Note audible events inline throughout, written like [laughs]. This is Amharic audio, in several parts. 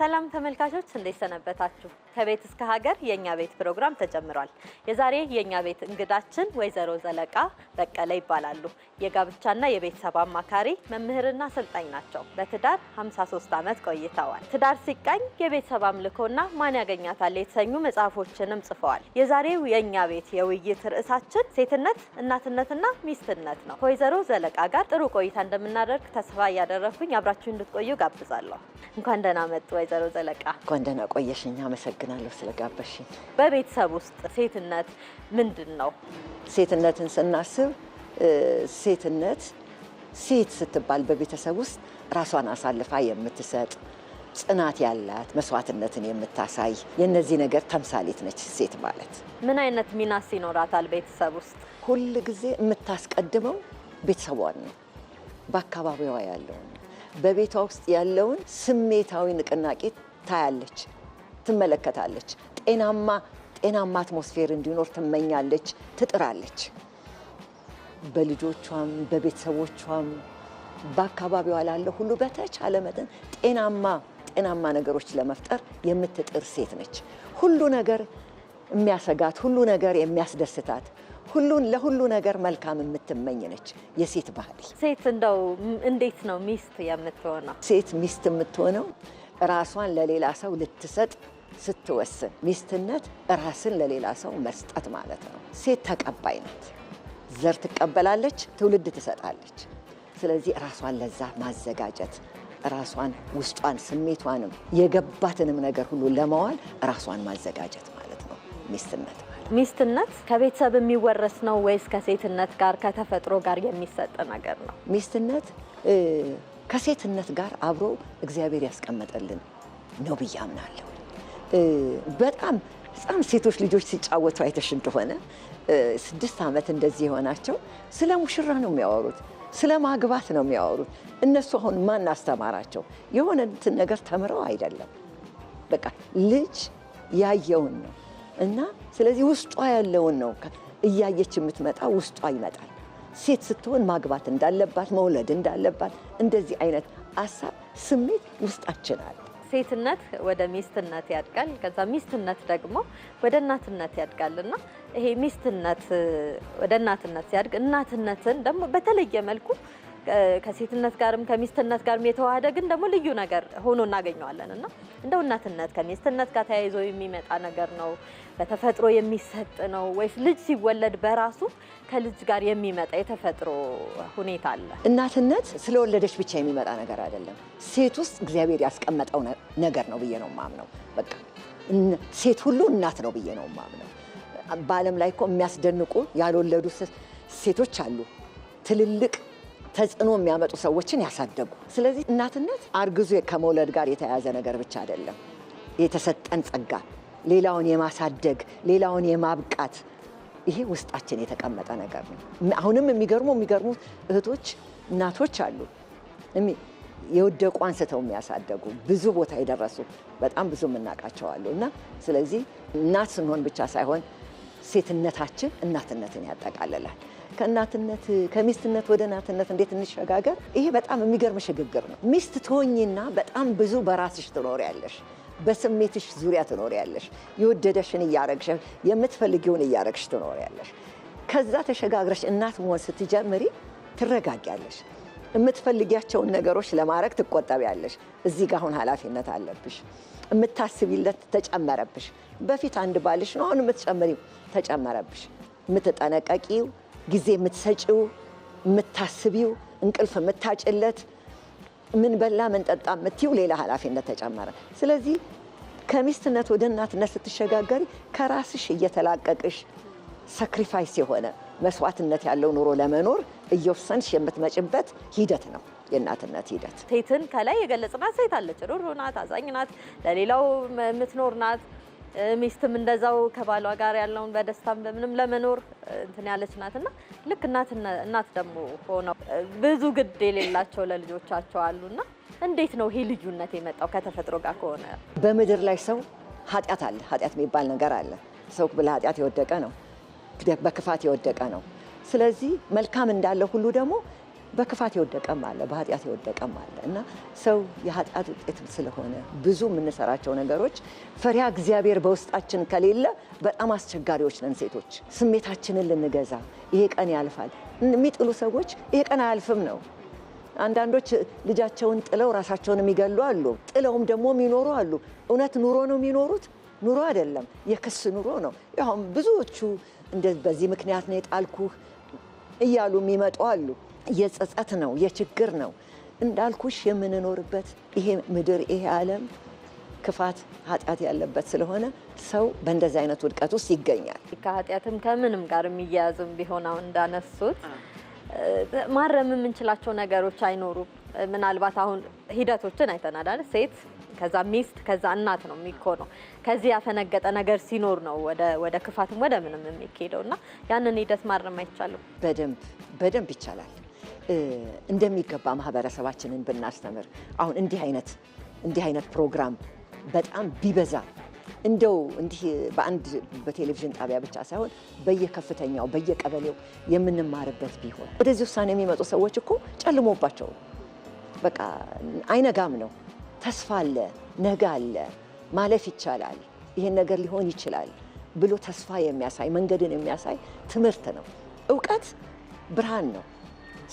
ሰላም ተመልካቾች እንዴት ሰነበታችሁ? ከቤት እስከ ሀገር የእኛ ቤት ፕሮግራም ተጀምሯል። የዛሬ የእኛ ቤት እንግዳችን ወይዘሮ ዘለቃ በቀለ ይባላሉ። የጋብቻና የቤተሰብ አማካሪ መምህርና አሰልጣኝ ናቸው። በትዳር 53 ዓመት ቆይተዋል። ትዳር ሲቃኝ፣ የቤተሰብ አምልኮና ማን ያገኛታል የተሰኙ መጽሐፎችንም ጽፈዋል። የዛሬው የእኛ ቤት የውይይት ርዕሳችን ሴትነት፣ እናትነትና ሚስትነት ነው። ከወይዘሮ ዘለቃ ጋር ጥሩ ቆይታ እንደምናደርግ ተስፋ እያደረኩኝ አብራችሁ እንድትቆዩ ጋብዛለሁ። እንኳን ደህና መጡ የወይዘሮ ዘለቃ እንኳን ደህና ቆየሽኝ። አመሰግናለሁ ስለጋበሽኝ። በቤተሰብ ውስጥ ሴትነት ምንድን ነው? ሴትነትን ስናስብ ሴትነት ሴት ስትባል በቤተሰብ ውስጥ ራሷን አሳልፋ የምትሰጥ ጽናት ያላት መስዋዕትነትን የምታሳይ የነዚህ ነገር ተምሳሌት ነች ሴት ማለት። ምን አይነት ሚናስ ይኖራታል ቤተሰብ ውስጥ? ሁል ጊዜ የምታስቀድመው ቤተሰቧን ነው፣ በአካባቢዋ ያለውን በቤቷ ውስጥ ያለውን ስሜታዊ ንቅናቄ ታያለች፣ ትመለከታለች። ጤናማ ጤናማ አትሞስፌር እንዲኖር ትመኛለች፣ ትጥራለች። በልጆቿም በቤተሰቦቿም በአካባቢዋ ላለ ሁሉ በተቻለ መጠን ጤናማ ጤናማ ነገሮች ለመፍጠር የምትጥር ሴት ነች። ሁሉ ነገር የሚያሰጋት፣ ሁሉ ነገር የሚያስደስታት ሁሉን ለሁሉ ነገር መልካም የምትመኝ ነች የሴት ባህል ሴት እንደው እንዴት ነው ሚስት የምትሆነው? ሴት ሚስት የምትሆነው ራሷን ለሌላ ሰው ልትሰጥ ስትወስን። ሚስትነት ራስን ለሌላ ሰው መስጠት ማለት ነው። ሴት ተቀባይ ናት። ዘር ትቀበላለች፣ ትውልድ ትሰጣለች። ስለዚህ ራሷን ለዛ ማዘጋጀት ራሷን ውስጧን ስሜቷንም የገባትንም ነገር ሁሉ ለማዋል ራሷን ማዘጋጀት ማለት ነው ሚስትነት። ሚስትነት ከቤተሰብ የሚወረስ ነው ወይስ ከሴትነት ጋር ከተፈጥሮ ጋር የሚሰጥ ነገር ነው? ሚስትነት ከሴትነት ጋር አብሮ እግዚአብሔር ያስቀመጠልን ነው ብዬ አምናለሁ። በጣም ህፃን ሴቶች ልጆች ሲጫወቱ አይተሽ እንደሆነ ስድስት ዓመት እንደዚህ የሆናቸው ስለ ሙሽራ ነው የሚያወሩት፣ ስለ ማግባት ነው የሚያወሩት። እነሱ አሁን ማን አስተማራቸው? የሆነ እንትን ነገር ተምረው አይደለም። በቃ ልጅ ያየውን ነው እና ስለዚህ ውስጧ ያለውን ነው እያየች የምትመጣ ውስጧ ይመጣል። ሴት ስትሆን ማግባት እንዳለባት መውለድ እንዳለባት እንደዚህ አይነት አሳብ፣ ስሜት ውስጣችን አለ። ሴትነት ወደ ሚስትነት ያድጋል። ከዛ ሚስትነት ደግሞ ወደ እናትነት ያድጋል እና ይሄ ሚስትነት ወደ እናትነት ሲያድግ እናትነትን ደግሞ በተለየ መልኩ ከሴትነት ጋርም ከሚስትነት ጋርም የተዋሃደ ግን ደግሞ ልዩ ነገር ሆኖ እናገኘዋለን እና እንደው እናትነት ከሚስትነት ጋር ተያይዞ የሚመጣ ነገር ነው? በተፈጥሮ የሚሰጥ ነው ወይስ ልጅ ሲወለድ በራሱ ከልጅ ጋር የሚመጣ የተፈጥሮ ሁኔታ አለ? እናትነት ስለወለደች ብቻ የሚመጣ ነገር አይደለም። ሴት ውስጥ እግዚአብሔር ያስቀመጠው ነገር ነው ብዬ ነው ማምነው። በቃ ሴት ሁሉ እናት ነው ብዬ ነው ማምነው። በዓለም ላይ እኮ የሚያስደንቁ ያልወለዱ ሴቶች አሉ ትልልቅ ተጽዕኖ የሚያመጡ ሰዎችን ያሳደጉ። ስለዚህ እናትነት አርግዞ ከመውለድ ጋር የተያያዘ ነገር ብቻ አይደለም። የተሰጠን ጸጋ ሌላውን የማሳደግ ሌላውን የማብቃት ይሄ ውስጣችን የተቀመጠ ነገር ነው። አሁንም የሚገርሙ የሚገርሙ እህቶች እናቶች አሉ የወደቁ አንስተው የሚያሳደጉ ብዙ ቦታ የደረሱ በጣም ብዙ የምናውቃቸው አሉ። እና ስለዚህ እናት ስንሆን ብቻ ሳይሆን ሴትነታችን እናትነትን ያጠቃልላል። ከእናትነት ከሚስትነት ወደ እናትነት እንዴት እንሸጋገር። ይሄ በጣም የሚገርም ሽግግር ነው። ሚስት ትሆኝና በጣም ብዙ በራስሽ ትኖሪያለሽ በስሜትሽ ዙሪያ ትኖሪያለሽ። የወደደሽን እያረግሽ የምትፈልጊውን እያረግሽ ትኖሪያለሽ። ከዛ ተሸጋግረሽ እናት መሆን ስትጀምሪ ትረጋጊያለሽ። የምትፈልጊያቸውን ነገሮች ለማድረግ ትቆጠቢያለሽ። እዚህ ጋ አሁን ኃላፊነት አለብሽ። የምታስቢለት ተጨመረብሽ። በፊት አንድ ባልሽ ነው፣ አሁን የምትጨምሪው ተጨመረብሽ። የምትጠነቀቂው ጊዜ የምትሰጪው የምታስቢው እንቅልፍ የምታጭለት ምን በላ ምን ጠጣ የምትይው ሌላ ኃላፊነት ተጨመረ። ስለዚህ ከሚስትነት ወደ እናትነት ስትሸጋገሪ ከራስሽ እየተላቀቅሽ ሰክሪፋይስ የሆነ መስዋዕትነት ያለው ኑሮ ለመኖር እየወሰንሽ የምትመጭበት ሂደት ነው የእናትነት ሂደት። ሴትን ከላይ የገለጽናት ሴት አለች፣ ሩህሩህ ናት፣ አዛኝ ናት፣ ለሌላው የምትኖር ናት ሚስትም እንደዛው ከባሏ ጋር ያለውን በደስታም በምንም ለመኖር እንትን ያለች ናት እና ልክ እናት ደግሞ ሆነው ብዙ ግድ የሌላቸው ለልጆቻቸው አሉና እንዴት ነው ይሄ ልዩነት የመጣው ከተፈጥሮ ጋር ከሆነ? በምድር ላይ ሰው ኃጢአት አለ። ኃጢአት የሚባል ነገር አለ። ሰው በኃጢአት የወደቀ ነው፣ በክፋት የወደቀ ነው። ስለዚህ መልካም እንዳለ ሁሉ ደግሞ በክፋት የወደቀም አለ፣ በኃጢአት የወደቀም አለ እና ሰው የኃጢአት ውጤት ስለሆነ ብዙ የምንሰራቸው ነገሮች ፈሪሃ እግዚአብሔር በውስጣችን ከሌለ በጣም አስቸጋሪዎች ነን። ሴቶች ስሜታችንን ልንገዛ ይሄ ቀን ያልፋል የሚጥሉ ሰዎች ይሄ ቀን አያልፍም ነው። አንዳንዶች ልጃቸውን ጥለው ራሳቸውን የሚገሉ አሉ። ጥለውም ደግሞ የሚኖሩ አሉ። እውነት ኑሮ ነው የሚኖሩት? ኑሮ አይደለም፣ የክስ ኑሮ ነው። ያውም ብዙዎቹ በዚህ ምክንያት ነው የጣልኩህ እያሉ የሚመጡ አሉ። የጸጸት ነው፣ የችግር ነው። እንዳልኩሽ የምንኖርበት ይሄ ምድር ይሄ ዓለም ክፋት ኃጢአት ያለበት ስለሆነ ሰው በእንደዚህ አይነት ውድቀት ውስጥ ይገኛል። ከኃጢአትም ከምንም ጋር የሚያያዝም ቢሆን አሁን እንዳነሱት ማረም የምንችላቸው ነገሮች አይኖሩም። ምናልባት አሁን ሂደቶችን አይተናዳል። ሴት ከዛ ሚስት ከዛ እናት ነው ነው ከዚህ ያፈነገጠ ነገር ሲኖር ነው ወደ ክፋትም ወደ ምንም የሚካሄደው እና ያንን ሂደት ማረም አይቻልም። በደንብ በደንብ ይቻላል። እንደሚገባ ማህበረሰባችንን ብናስተምር አሁን እንዲህ አይነት እንዲህ አይነት ፕሮግራም በጣም ቢበዛ እንደው እንዲህ በአንድ በቴሌቪዥን ጣቢያ ብቻ ሳይሆን በየከፍተኛው በየቀበሌው የምንማርበት ቢሆን። ወደዚህ ውሳኔ የሚመጡ ሰዎች እኮ ጨልሞባቸው በቃ አይነጋም ነው። ተስፋ አለ፣ ነገ አለ፣ ማለፍ ይቻላል፣ ይሄን ነገር ሊሆን ይችላል ብሎ ተስፋ የሚያሳይ መንገድን የሚያሳይ ትምህርት ነው። እውቀት ብርሃን ነው።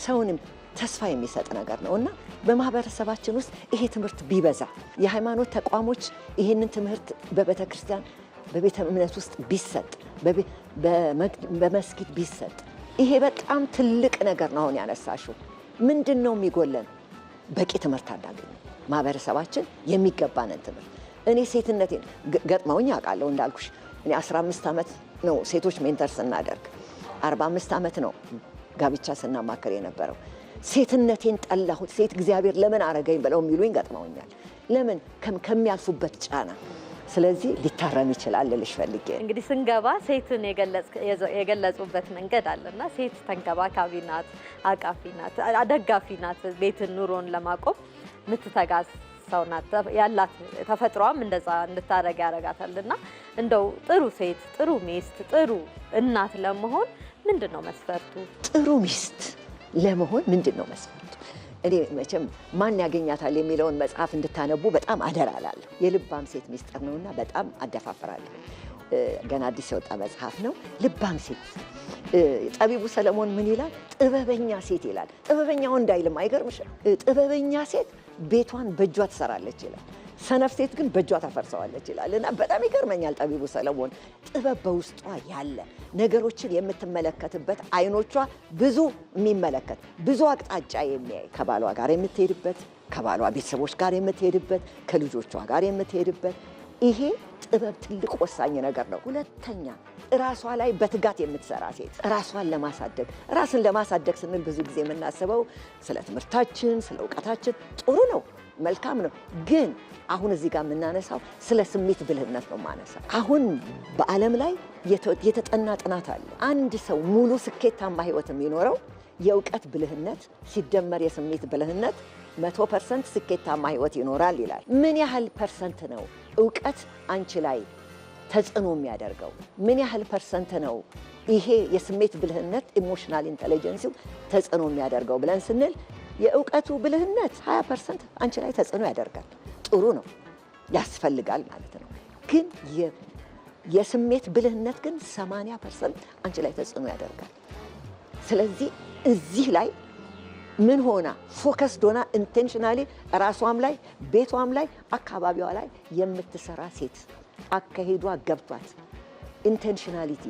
ሰውንም ተስፋ የሚሰጥ ነገር ነው እና በማህበረሰባችን ውስጥ ይሄ ትምህርት ቢበዛ የሃይማኖት ተቋሞች ይህንን ትምህርት በቤተ ክርስቲያን በቤተ እምነት ውስጥ ቢሰጥ በመስጊድ ቢሰጥ ይሄ በጣም ትልቅ ነገር ነው። አሁን ያነሳሽው ምንድን ነው የሚጎለን? በቂ ትምህርት አናገኝም። ማህበረሰባችን የሚገባንን ትምህርት እኔ ሴትነቴን ገጥመውኝ አውቃለሁ። እንዳልኩሽ እኔ 15 ዓመት ነው ሴቶች ሜንተር ስናደርግ 45 ዓመት ነው ጋብቻ ስናማከር የነበረው። ሴትነቴን ጠላሁት፣ ሴት እግዚአብሔር ለምን አረገኝ ብለው የሚሉኝ ገጥመውኛል። ለምን ከሚያልፉበት ጫና ስለዚህ ሊታረም ይችላል ልልሽ ፈልጌ። እንግዲህ ስንገባ ሴትን የገለጹበት መንገድ አለና ሴት ተንከባካቢ ናት፣ አቃፊ ናት፣ ደጋፊ ናት፣ ቤትን ኑሮን ለማቆም ምትተጋ ሰው ናት ያላት ተፈጥሯም እንደዛ እንድታደረግ ያደርጋታል። እና እንደው ጥሩ ሴት ጥሩ ሚስት ጥሩ እናት ለመሆን ምንድን ነው መስፈርቱ? ጥሩ ሚስት ለመሆን ምንድን ነው መስፈርቱ? እኔ መቼም ማን ያገኛታል የሚለውን መጽሐፍ እንድታነቡ በጣም አደራላለሁ። የልባም ሴት ሚስጥር ነውና በጣም አደፋፍራለሁ። ገና አዲስ የወጣ መጽሐፍ ነው። ልባም ሴት ጠቢቡ ሰለሞን ምን ይላል? ጥበበኛ ሴት ይላል። ጥበበኛ ወንድ አይልም። አይገርምሽ? ጥበበኛ ሴት ቤቷን በእጇ ትሰራለች ይላል። ሰነፍ ሴት ግን በእጇ ታፈርሰዋለች ይላል እና በጣም ይገርመኛል ጠቢቡ ሰለሞን። ጥበብ በውስጧ ያለ ነገሮችን የምትመለከትበት አይኖቿ ብዙ የሚመለከት ብዙ አቅጣጫ የሚያይ ከባሏ ጋር የምትሄድበት ከባሏ ቤተሰቦች ጋር የምትሄድበት ከልጆቿ ጋር የምትሄድበት ይሄ ጥበብ ትልቅ ወሳኝ ነገር ነው። ሁለተኛ ራሷ ላይ በትጋት የምትሰራ ሴት ራሷን ለማሳደግ ራስን ለማሳደግ ስንል ብዙ ጊዜ የምናስበው ስለ ትምህርታችን፣ ስለ እውቀታችን ጥሩ ነው። መልካም ነው። ግን አሁን እዚህ ጋር የምናነሳው ስለ ስሜት ብልህነት ነው ማነሳ። አሁን በዓለም ላይ የተጠና ጥናት አለ። አንድ ሰው ሙሉ ስኬታማ ህይወት የሚኖረው የእውቀት ብልህነት ሲደመር የስሜት ብልህነት መቶ ፐርሰንት ስኬታማ ህይወት ይኖራል ይላል። ምን ያህል ፐርሰንት ነው እውቀት አንቺ ላይ ተጽዕኖ የሚያደርገው? ምን ያህል ፐርሰንት ነው ይሄ የስሜት ብልህነት ኢሞሽናል ኢንቴሊጀንሲው ተጽዕኖ የሚያደርገው ብለን ስንል የእውቀቱ ብልህነት 20 ፐርሰንት አንቺ ላይ ተጽዕኖ ያደርጋል። ጥሩ ነው፣ ያስፈልጋል ማለት ነው። ግን የስሜት ብልህነት ግን 80 ፐርሰንት አንቺ ላይ ተጽዕኖ ያደርጋል። ስለዚህ እዚህ ላይ ምን ሆና ፎከስ ዶና ኢንቴንሽናሊ ራሷም ላይ ቤቷም ላይ አካባቢዋ ላይ የምትሰራ ሴት አካሄዷ ገብቷት ኢንቴንሽናሊቲ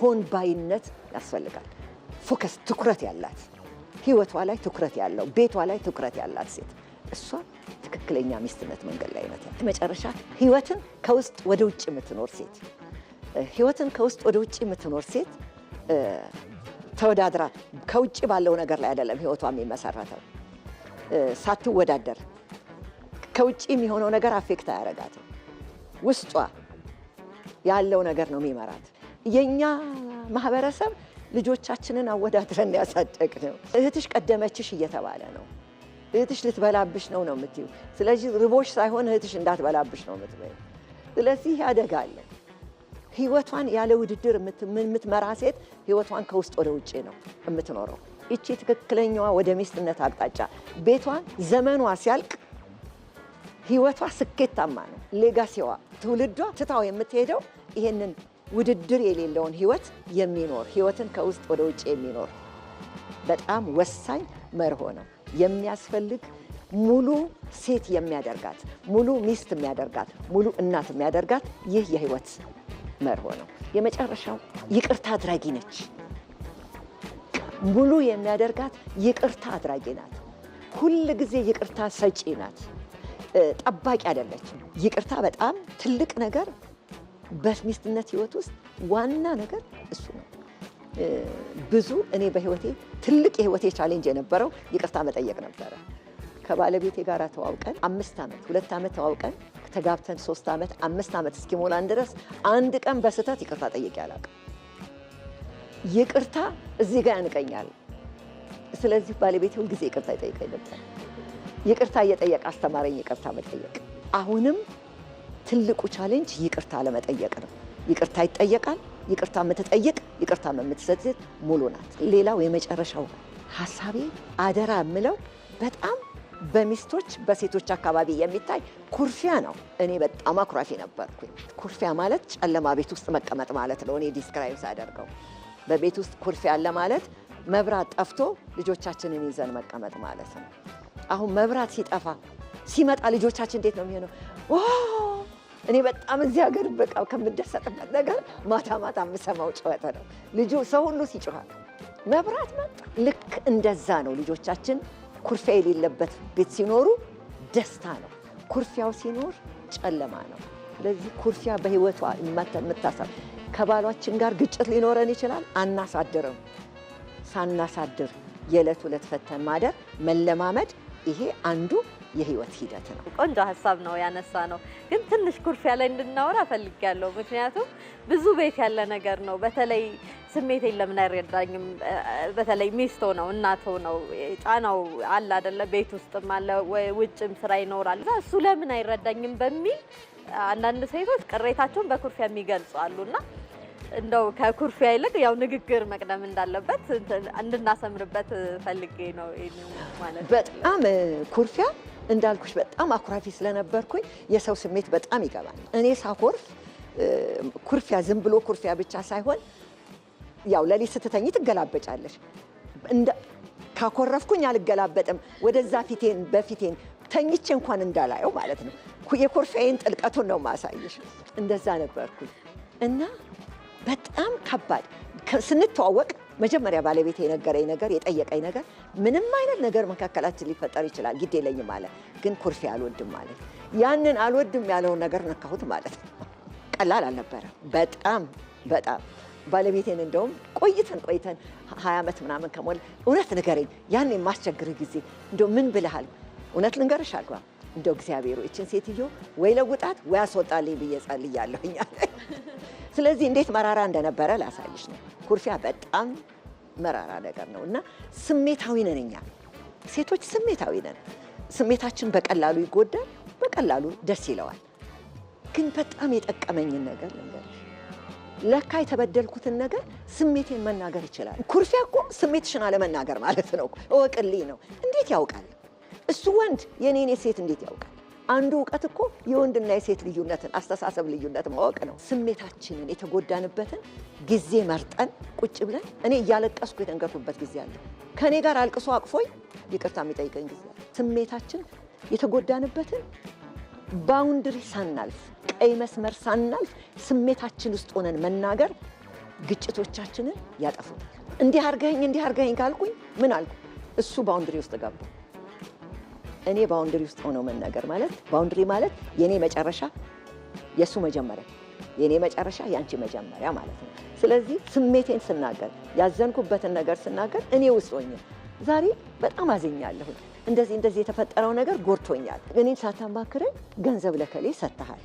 ሆን ባይነት ያስፈልጋል። ፎከስ ትኩረት ያላት ህይወቷ ላይ ትኩረት ያለው ቤቷ ላይ ትኩረት ያላት ሴት እሷ ትክክለኛ ሚስትነት መንገድ ላይ ነት። መጨረሻ ህይወትን ከውስጥ ወደ ውጭ የምትኖር ሴት ህይወትን ከውስጥ ወደ ውጭ የምትኖር ሴት ተወዳድራ ከውጭ ባለው ነገር ላይ አይደለም ህይወቷ የሚመሰረተው። ሳትወዳደር ከውጭ የሚሆነው ነገር አፌክት አያረጋትም። ውስጧ ያለው ነገር ነው የሚመራት የእኛ ማህበረሰብ ልጆቻችንን አወዳድረን ያሳደግ ነው። እህትሽ ቀደመችሽ እየተባለ ነው። እህትሽ ልትበላብሽ ነው ነው የምትይው። ስለዚህ ርቦሽ ሳይሆን እህትሽ እንዳትበላብሽ ነው የምትበይው። ስለዚህ ያደጋል። ህይወቷን ያለ ውድድር የምትመራ ሴት ህይወቷን ከውስጥ ወደ ውጭ ነው የምትኖረው። እቺ ትክክለኛዋ ወደ ሚስትነት አቅጣጫ ቤቷ ዘመኗ ሲያልቅ ህይወቷ ስኬታማ ነው። ሌጋሲዋ ትውልዷ ትታው የምትሄደው ይሄንን ውድድር የሌለውን ህይወት የሚኖር ህይወትን ከውስጥ ወደ ውጭ የሚኖር በጣም ወሳኝ መርሆ ነው የሚያስፈልግ ሙሉ ሴት የሚያደርጋት ሙሉ ሚስት የሚያደርጋት ሙሉ እናት የሚያደርጋት ይህ የህይወት መርሆ ነው። የመጨረሻው ይቅርታ አድራጊ ነች። ሙሉ የሚያደርጋት ይቅርታ አድራጊ ናት። ሁል ጊዜ ይቅርታ ሰጪ ናት። ጠባቂ አይደለችም። ይቅርታ በጣም ትልቅ ነገር በሚስትነት ህይወት ውስጥ ዋና ነገር እሱ ነው። ብዙ እኔ በህይወቴ ትልቅ የህይወቴ ቻሌንጅ የነበረው ይቅርታ መጠየቅ ነበረ። ከባለቤቴ ጋር ተዋውቀን አምስት ዓመት ሁለት ዓመት ተዋውቀን ተጋብተን ሶስት ዓመት አምስት ዓመት እስኪሞላን ድረስ አንድ ቀን በስህተት ይቅርታ ጠይቄ አላውቅም። ይቅርታ እዚህ ጋር ያንቀኛል። ስለዚህ ባለቤቴ ሁልጊዜ ይቅርታ ይጠይቀኝ ነበር። ይቅርታ እየጠየቀ አስተማረኝ። ይቅርታ መጠየቅ አሁንም ትልቁ ቻሌንጅ ይቅርታ ለመጠየቅ ነው። ይቅርታ ይጠየቃል። ይቅርታ የምትጠይቅ ይቅርታ የምትሰጥት ሙሉ ናት። ሌላው የመጨረሻው ሀሳቤ አደራ የምለው በጣም በሚስቶች በሴቶች አካባቢ የሚታይ ኩርፊያ ነው። እኔ በጣም አኩራፊ ነበርኩ። ኩርፊያ ማለት ጨለማ ቤት ውስጥ መቀመጥ ማለት ነው። እኔ ዲስክራይብ ሳደርገው በቤት ውስጥ ኩርፊያ አለ ማለት መብራት ጠፍቶ ልጆቻችንን ይዘን መቀመጥ ማለት ነው። አሁን መብራት ሲጠፋ ሲመጣ ልጆቻችን እንዴት ነው የሚሆነው? እኔ በጣም እዚህ ሀገር በቃ ከምደሰጥበት ነገር ማታ ማታ የምሰማው ጨዋታ ነው። ልጁ ሰው ሁሉ ሲጮሃል መብራት መጣ። ልክ እንደዛ ነው። ልጆቻችን ኩርፊያ የሌለበት ቤት ሲኖሩ ደስታ ነው። ኩርፊያው ሲኖር ጨለማ ነው። ስለዚህ ኩርፊያ በህይወቷ የምታሳብ ከባሏችን ጋር ግጭት ሊኖረን ይችላል። አናሳድርም። ሳናሳድር የዕለት ሁለት ፈተን ማደር መለማመድ፣ ይሄ አንዱ የህይወት ሂደት ነው። ቆንጆ ሀሳብ ነው ያነሳ ነው። ግን ትንሽ ኩርፊያ ላይ እንድናወራ እፈልጋለሁ። ምክንያቱም ብዙ ቤት ያለ ነገር ነው። በተለይ ስሜት የለምን አይረዳኝም። በተለይ ሚስቶ ነው እናቶ ነው ጫናው አለ አደለ? ቤት ውስጥም አለ፣ ውጭም ስራ ይኖራል። እሱ ለምን አይረዳኝም በሚል አንዳንድ ሴቶች ቅሬታቸውን በኩርፊያ የሚገልጹ አሉና እንደው ከኩርፊያ ይልቅ ያው ንግግር መቅደም እንዳለበት እንድናሰምርበት ፈልጌ ነው ማለት በጣም ኩርፊያ እንዳልኩሽ በጣም አኩራፊ ስለነበርኩኝ የሰው ስሜት በጣም ይገባል። እኔ ሳኮርፍ ኩርፊያ ዝም ብሎ ኩርፊያ ብቻ ሳይሆን ያው ለሌት ስትተኝ ትገላበጫለሽ። ካኮረፍኩኝ አልገላበጥም ወደዛ ፊቴን በፊቴን ተኝቼ እንኳን እንዳላየው ማለት ነው። የኩርፊያዬን ጥልቀቱን ነው ማሳየሽ። እንደዛ ነበርኩኝ እና በጣም ከባድ ስንተዋወቅ መጀመሪያ ባለቤት የነገረኝ ነገር የጠየቀኝ ነገር ምንም አይነት ነገር መካከላችን ሊፈጠር ይችላል፣ ግድ የለኝም አለ። ግን ኩርፊያ አልወድም ማለት ያንን አልወድም ያለውን ነገር ነካሁት ማለት ነው። ቀላል አልነበረም። በጣም በጣም ባለቤቴን እንደውም ቆይተን ቆይተን ሀያ ዓመት ምናምን ከሞላ እውነት ንገረኝ፣ ያን የማስቸግርህ ጊዜ እንደ ምን ብልሃል? እውነት ልንገርሽ አልኳት እንደው እግዚአብሔር ይችን ሴትዮ ወይ ለውጣት ወይ አስወጣልኝ ብዬ ጸልያለሁኝ። [laughs] ስለዚህ እንዴት መራራ እንደነበረ ላሳይሽ ነው። ኩርፊያ በጣም መራራ ነገር ነው እና ስሜታዊ ነን እኛ ሴቶች ስሜታዊ ነን። ስሜታችን በቀላሉ ይጎዳል፣ በቀላሉ ደስ ይለዋል። ግን በጣም የጠቀመኝን ነገር ልንገርሽ። ለካ የተበደልኩትን ነገር ስሜቴን መናገር ይችላል። ኩርፊያ እኮ ስሜትሽን አለመናገር ማለት ነው። እወቅልኝ ነው። እንዴት ያውቃል? እሱ ወንድ የኔን ሴት እንዴት ያውቃል? አንዱ እውቀት እኮ የወንድና የሴት ልዩነትን አስተሳሰብ ልዩነት ማወቅ ነው። ስሜታችንን የተጎዳንበትን ጊዜ መርጠን ቁጭ ብለን እኔ እያለቀስኩ የተንገርኩበት ጊዜ አለ። ከእኔ ጋር አልቅሶ አቅፎኝ ይቅርታ የሚጠይቀኝ ጊዜ አለ። ስሜታችን የተጎዳንበትን ባውንድሪ ሳናልፍ፣ ቀይ መስመር ሳናልፍ ስሜታችን ውስጥ ሆነን መናገር ግጭቶቻችንን ያጠፉታል። እንዲህ አርገኝ እንዲህ አርገኝ ካልኩኝ ምን አልኩ? እሱ ባውንድሪ ውስጥ ገባ። እኔ ባውንድሪ ውስጥ ሆነው መናገር ማለት ባውንድሪ ማለት የእኔ መጨረሻ የእሱ መጀመሪያ የእኔ መጨረሻ የአንቺ መጀመሪያ ማለት ነው። ስለዚህ ስሜቴን ስናገር ያዘንኩበትን ነገር ስናገር እኔ ውስጥ ሆኜ ዛሬ በጣም አዝኛለሁ፣ እንደዚህ እንደዚህ የተፈጠረው ነገር ጎድቶኛል፣ እኔን ሳታማክረኝ ገንዘብ ለከሌ ሰጥተሃል፣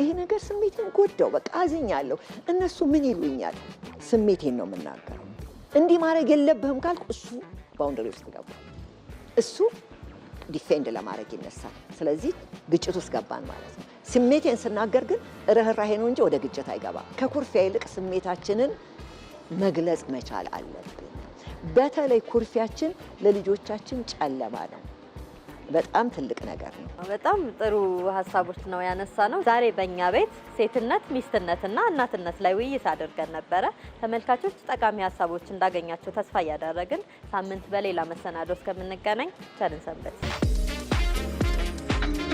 ይሄ ነገር ስሜቴን ጎዳው፣ በቃ አዝኛለሁ፣ እነሱ ምን ይሉኛል? ስሜቴን ነው የምናገረው። እንዲህ ማድረግ የለብህም ካልኩ እሱ ባውንደሪ ውስጥ ገባ እሱ ዲፌንድ ለማድረግ ይነሳል። ስለዚህ ግጭት ውስጥ ገባን ማለት ነው። ስሜቴን ስናገር ግን ርኅራሄ ነው እንጂ ወደ ግጭት አይገባም። ከኩርፊያ ይልቅ ስሜታችንን መግለጽ መቻል አለብን። በተለይ ኩርፊያችን ለልጆቻችን ጨለማ ነው። በጣም ትልቅ ነገር ነው። በጣም ጥሩ ሀሳቦች ነው ያነሳ ነው። ዛሬ በእኛ ቤት ሴትነት፣ ሚስትነትና እናትነት ላይ ውይይት አድርገን ነበረ። ተመልካቾች ጠቃሚ ሀሳቦች እንዳገኛቸው ተስፋ እያደረግን ሳምንት በሌላ መሰናዶ እስከምንገናኝ ቸርን